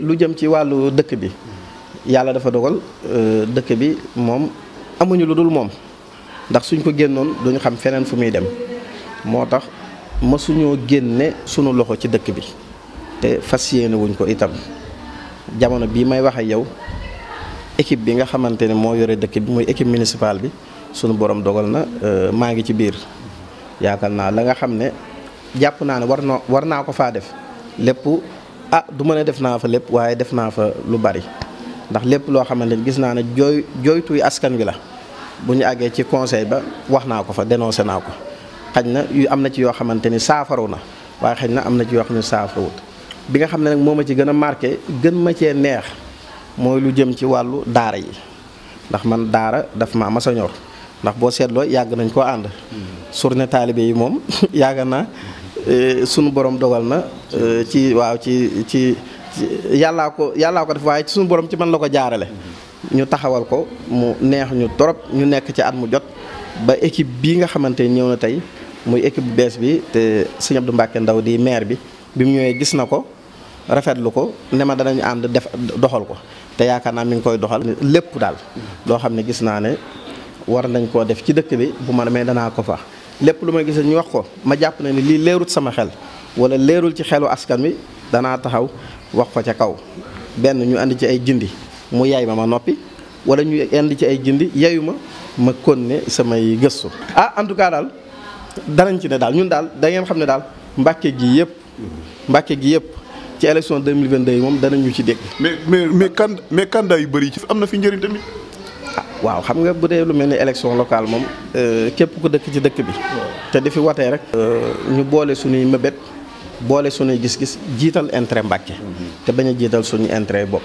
lu jëm ci wàllu dëkk bi yàlla dafa dogal euh, dëkk bi moom amuñu lu dul moom ndax suñ ko génnoon duñu xam feneen fu muy dem moo tax mësuñoo génne sunu loxo ci dëkk bi te fas yéenewuñ ko itam jamono bii may wax yow équipe bi nga xamante ne moo yore dëkk bi muy équipe municipale bi suñu borom dogal na euh, maa ngi ci biir yaakaar naa la nga xam ne jàpp naa ne war na war naa ko faa def lépp ah du ma ne def naa fa lépp waaye def naa fa lu bari ndax lépp loo xamante ni gis naa ne jooy jooytuy askan wi la bu ñu àggee ci conseil ba wax naa ko fa dénoncé naa ko xaj na yu am na ci yoo xamante ni saafaru na waaye xaj na am na ci yoo xam ne saafaruwut bi nga xam ne nag moo ma ci gën a marqué gën ma cee neex mooy lu jëm ci wàllu daara yi ndax man daara daf maa mas a ndax boo seetloo yàgg nañ koo ànd. surne hmm. taalibe yi moom yàgg na Eh, sunu borom dogal na eh, ci waaw ci ci yàllaa ko yàllaa ko def waaye ci sunu borom ci man la ko jaarale mhm. ñu taxawal ko mu neex ñu torop ñu nekk ci at mu jot ba équipe bii nga xamante ni ñëw na tey muy équipe bu bees bi te sëñ Abdou Mbacke Ndaw di maire bi bi mu ñëwee gis na ko rafetlu ko ne ma danañu ànd def doxal ko te yaakaar naa mi ngi koy doxal lépp daal mhm. loo xam ne gis naa ne war nañ koo def ci dëkk bi bu ma demee danaa ko fa lépp lu may gis ñu wax ko ma jàpp na ni lii leerut sama xel wala leerul ci xelu askan wi danaa taxaw wax ko ca kaw benn ñu andi ci ay jindi mu yaay ma ma noppi wala ñu indi ci ay jëndi yayu ma ma konne samay gëstu ah en tout cas daal danañ ci ne daal ñun daal da ngeen xam ne daal mbàkke gi yëpp mbàkke gi yëpp ci élection 2022 yi moom danañu ci dégg mais mais mais kan mais candidat yu bëri ci am na fi njëriñ tamit waaw xam nga bu dee lu mel ni élection locale moom euh, képp ku dëkk ci dëkk bi te di fi watee rek euh, ñu boole suñuy mëbét boole suñuy gis-gis jiital intérêt Mbàkke te bañ a jiital suñu intérêt bopp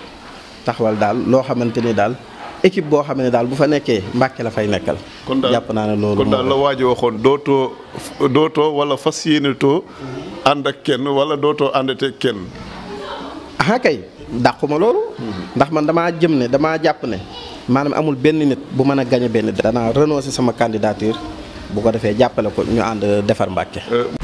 taxawal daal loo xamante ni daal équipe boo xam ne daal bu fa nekkee Mbàkke la fay nekkal kon daal jàpp naa ne loolu kon daal la waaji waxoon dootoo dootoo wala fas yéene too ànd ak kenn wala dootoo àndatee kenn aha kay dàquma loolu hmm. ndax man damaa jëm ne damaa jàpp ne maanaam amul benn nit bu mën a gañe benn danaa renoncer sama candidature bu ko defee jàppale ko ñu ànd defar Mbàkke